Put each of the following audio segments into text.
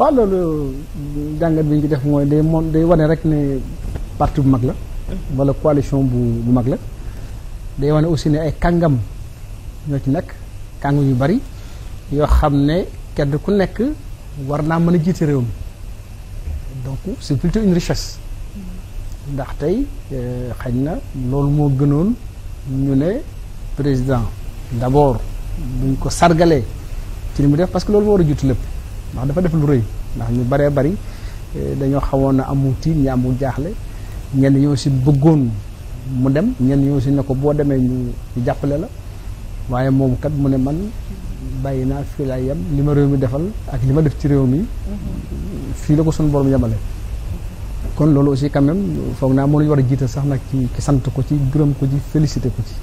waa loolu jàngat bi ñu def mooy day moon day wane rek ne parti bu mag la. Mm. wala coalition bu bu mag la. day wane aussi ne ay kàngam ñoo ci nekk kàngam yu bari yoo xam ne kenn ku nekk war naa mën a jiite réew mi donc c'est plutôt une richesse. Mm. ndax tey euh, xañ na loolu moo gënoon ñu ne président d'abord buñ ko sargalee ci li mu def parce que loolu moo war a jiitu lépp. ndax dafa def lu rëy ndax ñu baree bari eh, dañoo xawoon a amul tiit ñi amul jaaxle ñenn ñoo si bëggoon mu dem ñenn ñoo si ne ko boo demee ñu jàppale la waaye moom kat mu ne man bàyyi naa fii laa yem li ma réew mi defal ak li ma def ci réew mi fii la ko suñu borom yemale. kon loolu aussi quand même foog naa moo ñu war a jiital sax nag ci sant ko ci gërëm ko ci félicité ko ci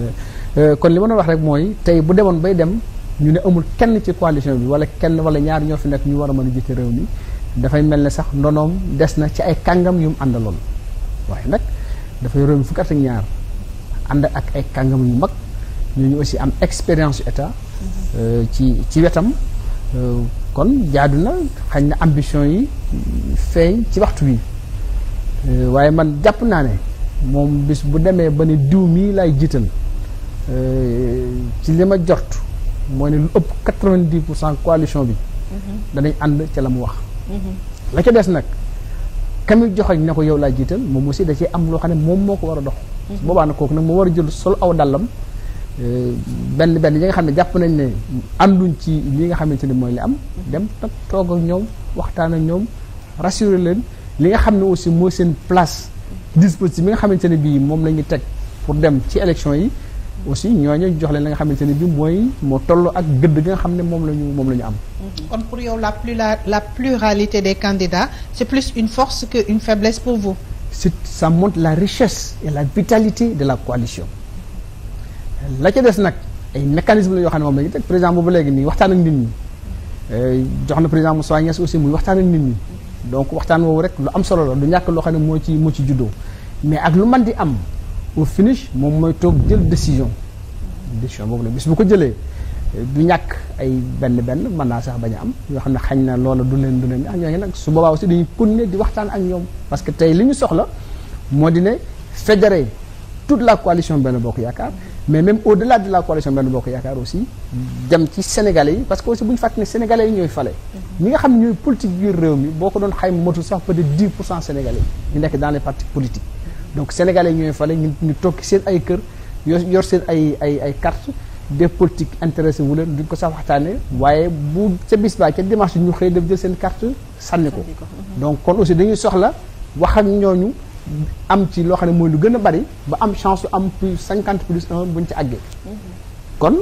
eh, eh, kon li ma doon wax rek mooy tey bu demoon bay dem. ñu ne amul kenn ci coalition bi wala kenn wala ñaar ñoo fi nekk ñu war a mën a jiite réew mi dafay mel ne sax ndonoom des na ci ay kàngam yu mu àndaloon waaye nag dafay réew mi fukk at ñaar ànd ak ay kàngam yu mag ñooñu aussi am expérience yu état euh, ci ci wetam euh, kon jaadu na xañ na ambition yi feeñ ci waxtu wi euh, waaye man jàpp naa ne moom bis bu demee ba ne diw mii laay jiital ci li ma jort mooy ne lu ëpp quatre vingt pour cent coalition bi. Mhm. danañ ànd ca la mu wax. Mhm. la ca des nag kamit joxoñ na ko yow laa jiital moom aussi da cee am loo xam ne moom moo ko war a dox. Mhm. su boobaa nag kooku nag moo war a jël sol aw dàllam euh, benn benn yi nga xam ne jàpp nañ ne ànduñ ci li nga xamante ne mooy li am. dem nag toog ak ñoom waxtaan ak ñoom rassurer leen li nga xam ne aussi mooy seen place dispositif bi nga xamante ne bii moom la ñu teg pour dem ci élection yi. aussi ñoo ñooñu jox leen la nga xamante ne bi mooy moo toll ak gëdd gi nga xam ne moom la ñu moom la am. kon mm-hmm. pour yow la plura la pluralité des candidats c'est plus une force que une faiblesse pour vous. c'est ça montre la richesse et la vitalité la coalition la ca des nag ay mécanismes la yoo xam ne moom la ñu teg président boobu léegi nii waxtaan ak nit ñi euh, jox na président Moussa Niass aussi muy waxtaan ak nit ñi donc woowu rek lu am solo la ñàkk loo xam ne moo ci moo ci juddoo mais ak lu mën di am. au finish moom mooy toog jël décision décision boobu la bis bu ko jëlee du ñàkk ay benn benn mën naa sax bañ a am yoo xam ne xañ na loola du leen du leen ah ñooñu nag su boobaa aussi dañuy continuer di waxtaan ak ñoom parce que tey li ñu soxla moo di ne fédérer toute la coalition Benno Bokk Yaakaar mais même au-delà de la coalition Benno Bokk Yaakaar aussi dem ci Sénégalais yi parce que aussi bu ñu fàtte ne Sénégalais yi ñooy fale ñi nga xam ñooy politique mi boo ko doon xayma motul sax peut-être 10 ñu nekk dans les partis donc sénégalais ñooy fale ñu ñu toog seen ay kër yor seen ay ay ay carte des politiques intéressé wu leen duñ ko sa waxtaanee waaye bu ca bis ba ca dimanche ñu xëy def jël seen carte sànni ko mhm. donc kon aussi dañuy soxla wax ak ñooñu am ci loo xam ne mooy lu gën a bari ba am chance am plus cinquante plus un buñ ci àggee mhm. kon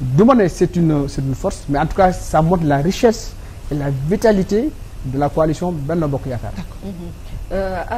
du ne c'est une c'est une force mais en tout cas ça montre la richesse et la vitalité de la coalition Benno Bokk Yaakaar